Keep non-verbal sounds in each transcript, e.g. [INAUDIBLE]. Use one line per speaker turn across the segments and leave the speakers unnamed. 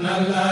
na la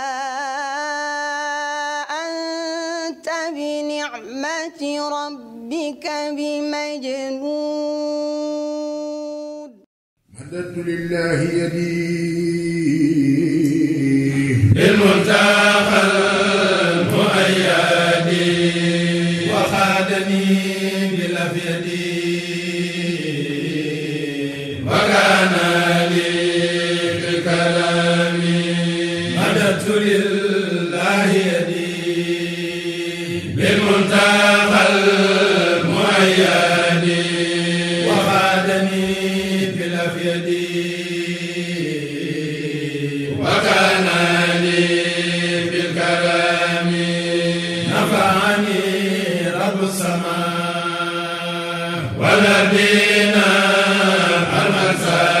نعمة ربك بمجنون
مددت لله يدي المنتهى
اليد وفادني بالافيد وكان لي بالكلام نفعني رب السماء والذين المرسل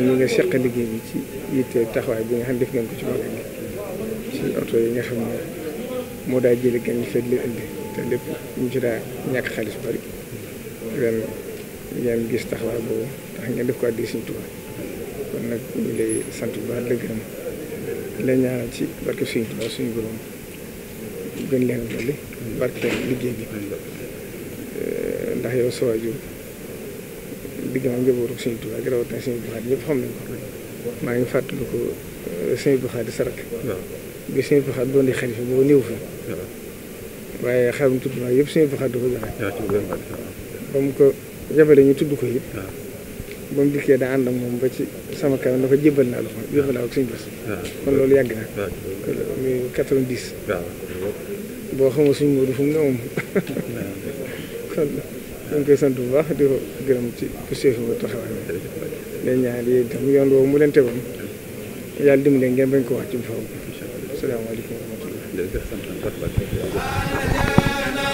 mboolem ñi seq liggéey ci yitte taxawaay bi nga xam ne def ngeen ko ci ci oto yi nga xam moo daa jële gan ñi fekk leen indi te lépp ñu ci daa ñàkk xaalis bari ren ngeen gis taxawaay ngeen def ko addi Sëriñ Tuubaa kon nag ñu lay sant bu ci barke Sëriñ Tuubaa suñu borom gën leen dolli barke liggéey bi ndax yow sa diggante njabootu Sëriñ Tuubaa ak rawatina Sëriñ Abdou Khadre ñëpp xam nañ ko maa ngi fàttali ko eh, Sëriñ Abdou Khadre Sarak bi Sëriñ Abdou Khadre doon di xalifa boo néew fa waaye xarum tudd naa yëpp Sëriñ Abdou Khadre da ko joxe ba mu ko ñu tudd ko yëpp ba mu dikkee daa ànd moom ba ci sama kanam na ko jébbal naa la ko jébbal naa ko Sëriñ Bass kon loolu yàgg na muy 90 boo xamul suñ Moodu fu mu ne [LAUGHS] ñu ngi koy sant bu baax di ko gërëm ci ku séefu ba taxawaay bi leen ñaan yéen mu yoon woon mu leen tegoon yàlla dimbali ngeen bañ ko wax ci bu faw salaamaaleykum wa rahmatulah